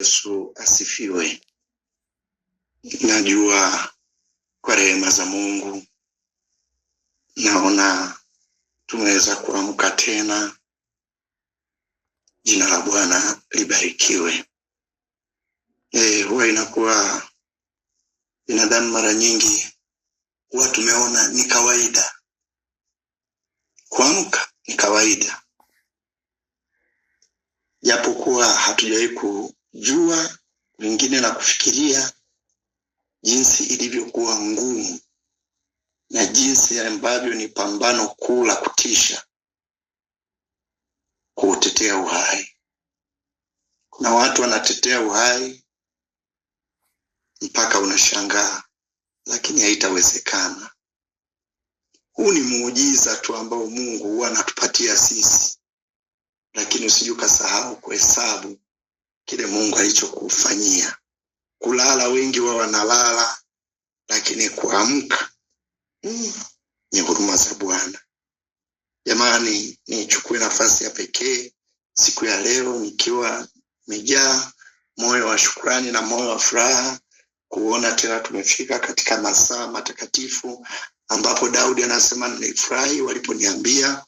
Yesu asifiwe. Najua kwa rehema za Mungu, naona tumeweza kuamka tena. Jina la Bwana libarikiwe. E, huwa inakuwa binadamu mara nyingi huwa tumeona ni kawaida kuamka, ni kawaida japokuwa hatujawahi ku jua, wengine na kufikiria jinsi ilivyokuwa ngumu na jinsi ambavyo ni pambano kuu la kutisha kuutetea uhai. Kuna watu wanatetea uhai mpaka unashangaa, lakini haitawezekana. Huu ni muujiza tu ambao Mungu huwa anatupatia sisi, lakini usije ukasahau kuhesabu kile Mungu alichokufanyia. Kulala, wengi wa wanalala, lakini kuamka mm, ni huruma za Bwana. Jamani, nichukue nafasi ya pekee siku ya leo nikiwa mejaa moyo wa shukrani na moyo wa furaha kuona tena tumefika katika masaa matakatifu ambapo Daudi anasema nilifurahi waliponiambia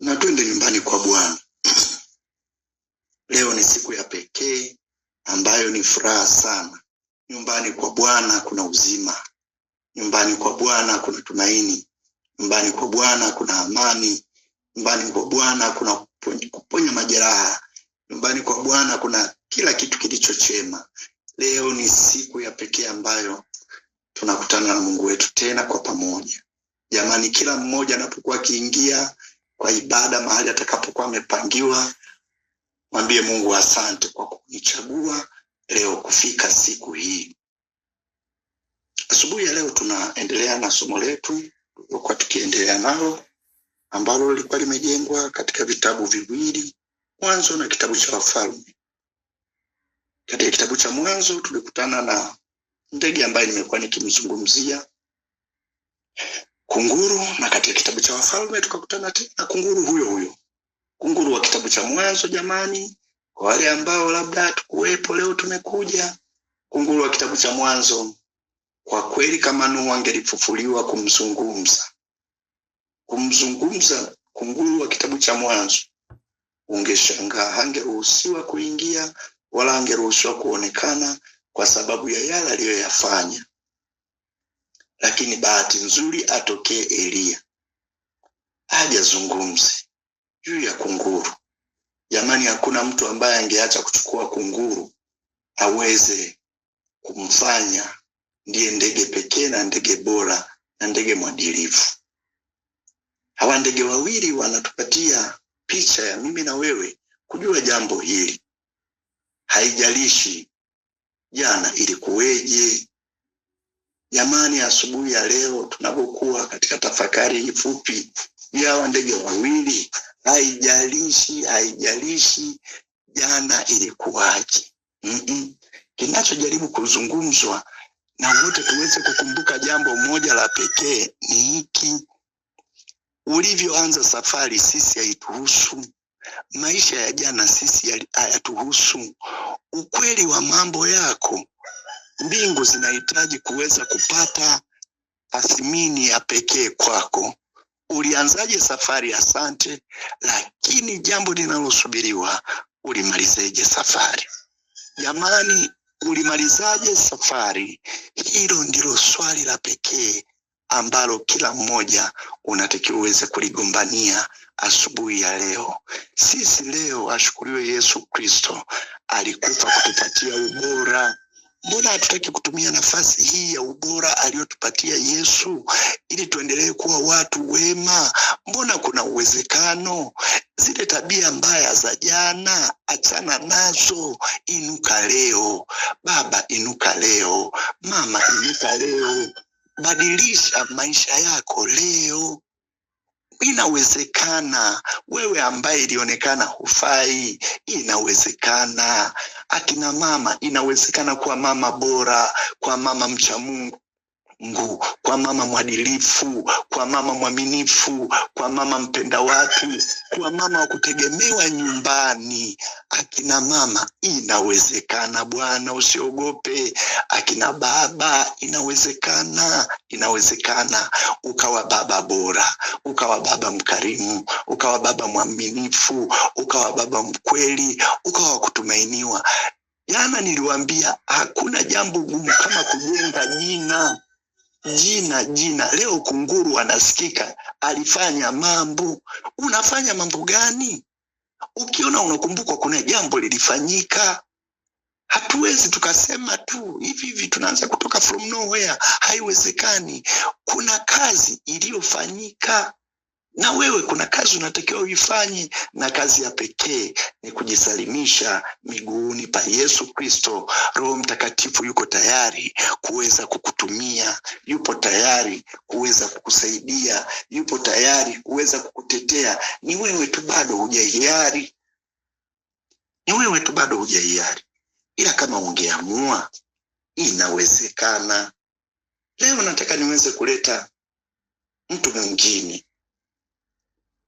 na twende nyumbani kwa Bwana. ambayo ni furaha sana. Nyumbani kwa Bwana kuna uzima, nyumbani kwa Bwana kuna tumaini, nyumbani kwa Bwana kuna amani, nyumbani kwa Bwana kuna kuponya majeraha, nyumbani kwa Bwana kuna kila kitu kilicho chema. Leo ni siku ya pekee ambayo tunakutana na Mungu wetu tena kwa pamoja. Jamani, kila mmoja anapokuwa akiingia kwa ibada mahali atakapokuwa amepangiwa mwambie Mungu asante kwa kunichagua leo kufika siku hii. Asubuhi ya leo tunaendelea na somo letu tuliokuwa tukiendelea nalo ambalo lilikuwa limejengwa katika vitabu viwili, Mwanzo na kitabu cha Wafalme. Katika kitabu cha Mwanzo tulikutana na ndege ambaye nimekuwa nikimzungumzia kunguru, na katika kitabu cha Wafalme tukakutana tena kunguru huyo huyo kunguru wa kitabu cha Mwanzo. Jamani, kwa wale ambao labda hatukuwepo leo tumekuja, kunguru wa kitabu cha Mwanzo. Kwa kweli, kama Nuhu angelifufuliwa kumzungumza kumzungumza kunguru wa kitabu cha Mwanzo, ungeshangaa hangeruhusiwa kuingia wala angeruhusiwa kuonekana kwa sababu ya yale aliyoyafanya. Lakini bahati nzuri atokee Eliya, hajazungumzi juu ya kunguru. Jamani, hakuna mtu ambaye angeacha kuchukua kunguru aweze kumfanya ndiye ndege pekee na ndege bora na ndege mwadilifu. Hawa ndege wawili wanatupatia picha ya mimi na wewe kujua jambo hili. Haijalishi jana ilikuweje, jamani, asubuhi ya leo tunapokuwa katika tafakari fupi ni hawa ndege wawili, haijalishi haijalishi jana ilikuwaje. mm -mm. Kinachojaribu kuzungumzwa na wote tuweze kukumbuka jambo moja la pekee ni hiki: ulivyoanza safari sisi haituhusu, maisha ya jana sisi hayatuhusu. Ukweli wa mambo yako mbingu zinahitaji kuweza kupata tathmini ya pekee kwako ulianzaje safari ya Sante, lakini jambo linalosubiriwa ulimalizeje safari? Jamani, ulimalizaje safari? Hilo ndilo swali la pekee ambalo kila mmoja unatakiwa uweze kuligombania asubuhi ya leo. Sisi leo, ashukuriwe Yesu Kristo, alikufa kutupatia ubora mbona hatutaki kutumia nafasi hii ya ubora aliyotupatia Yesu ili tuendelee kuwa watu wema? Mbona kuna uwezekano? Zile tabia mbaya za jana achana nazo, inuka leo. Baba inuka leo, mama inuka leo, badilisha maisha yako leo. Inawezekana wewe ambaye ilionekana hufai, inawezekana akina mama, inawezekana kwa mama bora, kwa mama mcha Mungu Mungu, kwa mama mwadilifu, kwa mama mwaminifu, kwa mama mpenda watu, kwa mama wa kutegemewa nyumbani. Akina mama, inawezekana Bwana, usiogope. Akina baba, inawezekana, inawezekana ukawa baba bora, ukawa baba mkarimu, ukawa baba mwaminifu, ukawa baba mkweli, ukawa kutumainiwa. Jana niliwaambia hakuna jambo gumu kama kujenga jina jina jina. Leo kunguru anasikika, alifanya mambo. Unafanya mambo gani? Ukiona unakumbukwa kuna jambo lilifanyika, hatuwezi tukasema tu hivi hivi tunaanza kutoka from nowhere, haiwezekani. Kuna kazi iliyofanyika na wewe kuna kazi unatakiwa uifanye, na kazi ya pekee ni kujisalimisha miguuni pa Yesu Kristo. Roho Mtakatifu yuko tayari kuweza kukutumia, yupo tayari kuweza kukusaidia, yupo tayari kuweza kukutetea. Ni wewe tu bado hujahiari, ni wewe tu bado hujahiari, ila kama ungeamua inawezekana. Leo nataka niweze kuleta mtu mwingine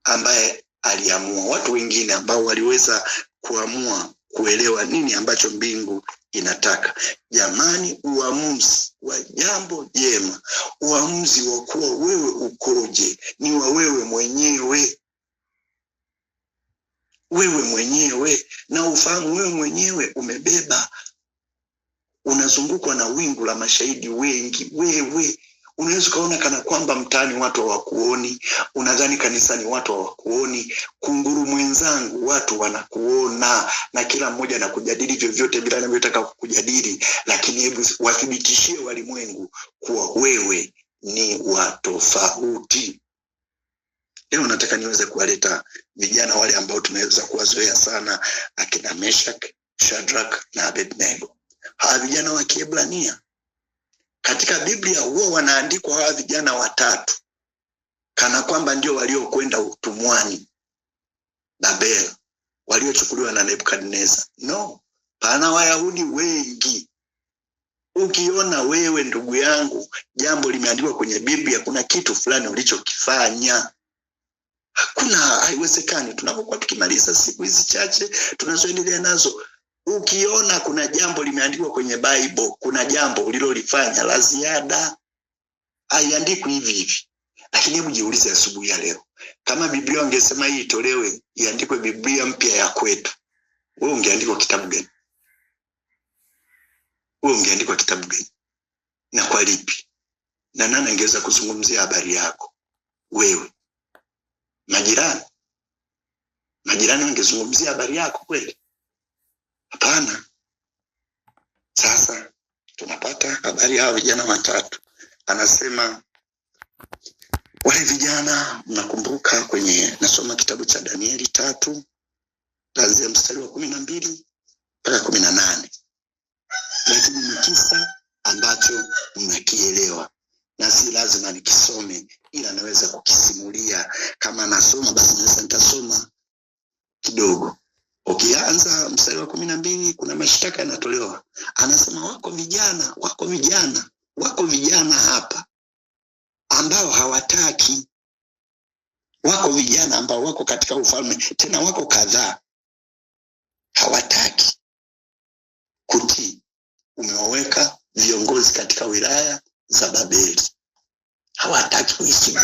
ambaye aliamua, watu wengine ambao waliweza kuamua kuelewa nini ambacho mbingu inataka. Jamani, uamuzi wa jambo jema, uamuzi wa kuwa wewe ukoje ni wa wewe mwenyewe, wewe mwenyewe, na ufahamu wewe mwenyewe umebeba, unazungukwa na wingu la mashahidi wengi, wewe unaweza ukaona kana kwamba mtaani watu hawakuoni, unadhani kanisani watu hawakuoni. Kunguru mwenzangu, watu wanakuona na kila mmoja anakujadili vyovyote vile anavyotaka kukujadili, lakini hebu wathibitishie walimwengu kuwa wewe ni wa tofauti. Leo nataka niweze kuwaleta vijana wale ambao tunaweza kuwazoea sana, akina Meshak, Shadrach na Abednego, hawa vijana wa Kiebrania katika Biblia huwa wanaandikwa hawa vijana watatu kana kwamba ndio waliokwenda utumwani Babel, waliochukuliwa na nebukadnezar No, pana Wayahudi wengi. Ukiona wewe ndugu yangu jambo limeandikwa kwenye Biblia, kuna kitu fulani ulichokifanya Hakuna, haiwezekani. Tunapokuwa tukimaliza siku hizi chache tunazoendelea nazo, ukiona kuna jambo limeandikwa kwenye Bible, kuna jambo ulilolifanya la ziada, haiandikwi hivi hivi. Lakini hebu jiulize asubuhi ya leo, kama Biblia ungesema hii itolewe iandikwe Biblia mpya ya kwetu, wewe ungeandikwa kitabu gani? Wewe ungeandikwa kitabu gani na kwa lipi? Na nani angeweza kuzungumzia habari yako wewe? Majirani, majirani wangezungumzia habari yako kweli? Hapana. Sasa tunapata habari hawa vijana watatu, anasema wale vijana mnakumbuka, kwenye nasoma kitabu cha Danieli tatu kuanzia mstari wa kumi na mbili mpaka kumi na nane lakini ni kisa ambacho mnakielewa na si lazima nikisome, ila naweza kukisimulia. Kama nasoma basi, naweza nitasoma kidogo. Ukianza mstari wa kumi na mbili kuna mashtaka yanatolewa, anasema wako vijana, wako vijana, wako vijana hapa ambao hawataki, wako vijana ambao wako katika ufalme, tena wako kadhaa hawataki kutii. Umewaweka viongozi katika wilaya za Babeli, hawataki kuisikia.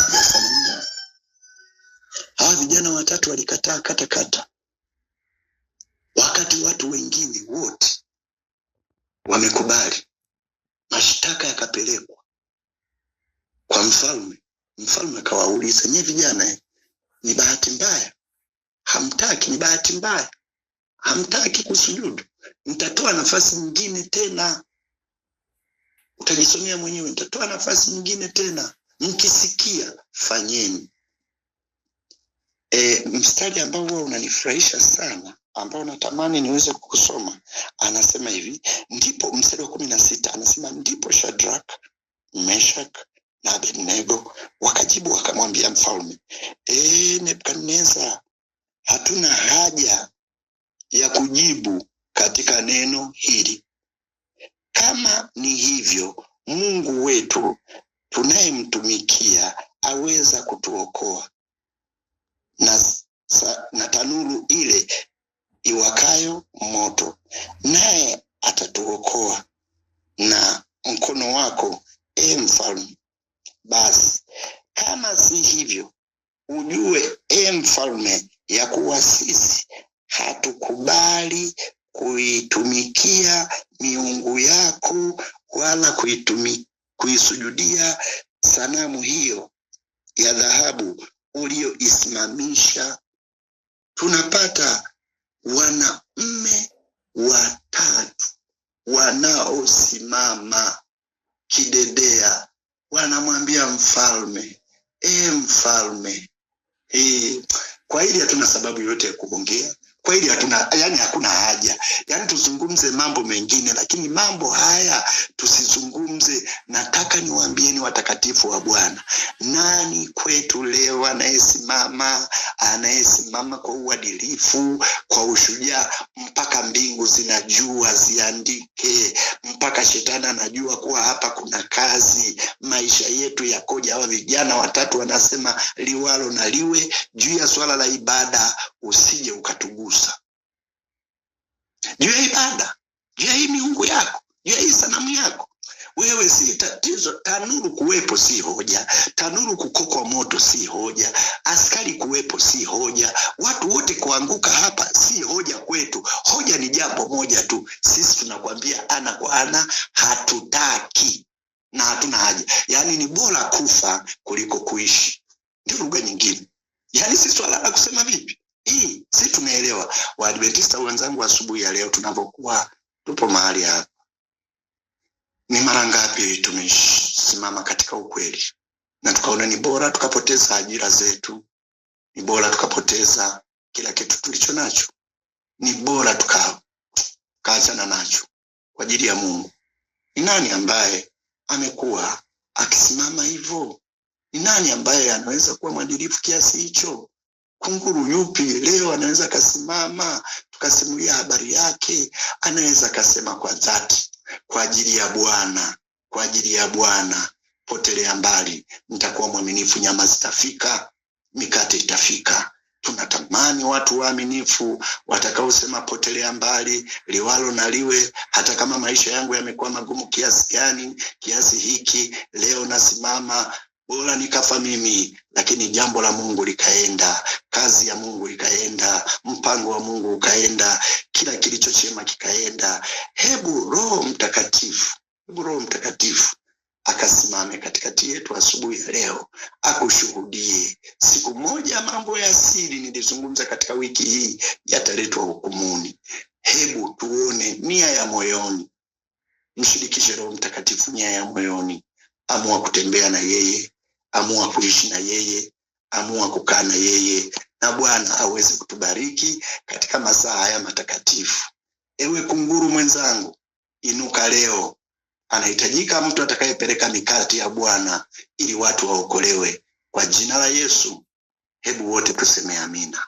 Hawa vijana watatu walikataa kata kata wakati watu wengine wote wamekubali. Mashtaka yakapelekwa kwa mfalme. Mfalme akawauliza, nyie vijana, ni bahati mbaya hamtaki, ni bahati mbaya hamtaki kusujudu, nitatoa nafasi nyingine tena, utajisomea mwenyewe, nitatoa nafasi nyingine tena, mkisikia fanyeni. E, mstari ambao huwa unanifurahisha sana ambayo natamani niweze kusoma, anasema hivi, ndipo mstari wa kumi na sita anasema ndipo shadrak Meshak na Abednego wakajibu wakamwambia mfalme, e, Nebukadneza, hatuna haja ya kujibu katika neno hili. Kama ni hivyo, Mungu wetu tunayemtumikia aweza kutuokoa na, na tanuru ile iwakayo moto, naye atatuokoa na mkono wako, e mfalme. Basi kama si hivyo, ujue e mfalme, ya kuwa sisi hatukubali kuitumikia miungu yako wala kuitumi, kuisujudia sanamu hiyo ya dhahabu uliyoisimamisha. Tunapata wanaume watatu wanaosimama kidedea wanamwambia mfalme, e mfalme, e, kwa hili hatuna sababu yote ya kuongea, kweli hatuna, yani hakuna haja, yani tuzungumze mambo mengine, lakini mambo haya tusizungumze. Nataka niwaambieni watakatifu wa Bwana, nani kwetu leo anayesimama anayesimama kwa uadilifu, kwa ushujaa, mpaka mbingu zinajua ziandike, mpaka shetani anajua kuwa hapa kuna kazi, maisha yetu yakoja. Hawa vijana watatu wanasema liwalo na liwe juu ya swala la ibada, usije ukatugusa kukugusa juu ya ibada, juu ya hii miungu yako, juu ya hii sanamu yako. Wewe si tatizo. Tanuru kuwepo si hoja, tanuru kukokwa moto si hoja, askari kuwepo si hoja, watu wote kuanguka hapa si hoja kwetu. Hoja ni jambo moja tu, sisi tunakwambia ana kwa ana hatutaki na hatuna haja. Yaani ni bora kufa kuliko kuishi, ndio lugha nyingine. Yaani si swala la kusema vipi hii si tunaelewa Waadventista wenzangu, asubuhi ya leo tunavyokuwa tupo mahali hapa, ni mara ngapi tumesimama katika ukweli na tukaona ni bora tukapoteza ajira zetu, ni bora tukapoteza kila kitu tulicho nacho, ni bora tukaachana nacho kwa ajili ya Mungu. Ni nani ambaye amekuwa akisimama hivyo? Ni nani ambaye anaweza kuwa mwadilifu kiasi hicho? Kunguru yupi leo anaweza akasimama tukasimulia habari yake, anaweza akasema kwa dhati, kwa ajili ya Bwana, kwa ajili ya Bwana potelea mbali, nitakuwa mwaminifu, nyama zitafika, mikate itafika. Tunatamani watu waaminifu watakaosema potelea mbali, liwalo na liwe. Hata kama maisha yangu yamekuwa magumu kiasi gani, kiasi hiki, leo nasimama bora nikafa mimi, lakini jambo la Mungu likaenda, kazi ya Mungu ikaenda, mpango wa Mungu ukaenda, kila kilicho chema kikaenda. Hebu Roho Mtakatifu, hebu Roho Mtakatifu akasimame katikati yetu asubuhi ya leo, akushuhudie. Siku moja mambo ya asili nilizungumza katika wiki hii yataletwa hukumuni. Hebu tuone nia ya moyoni, mshirikishe Roho Mtakatifu nia ya moyoni, amua kutembea na yeye amua kuishi na yeye amua kukaa na yeye na bwana aweze kutubariki katika masaa haya matakatifu ewe kunguru mwenzangu inuka leo anahitajika mtu atakayepeleka mikate ya bwana ili watu waokolewe kwa jina la yesu hebu wote tuseme amina